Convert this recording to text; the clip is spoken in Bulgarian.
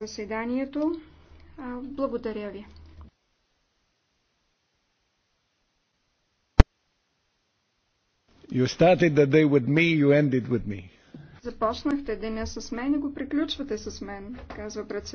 заседанието. Благодаря ви. You started the day with me, you ended with me. Започнахте деня с мен и го приключвате с мен, казва председател.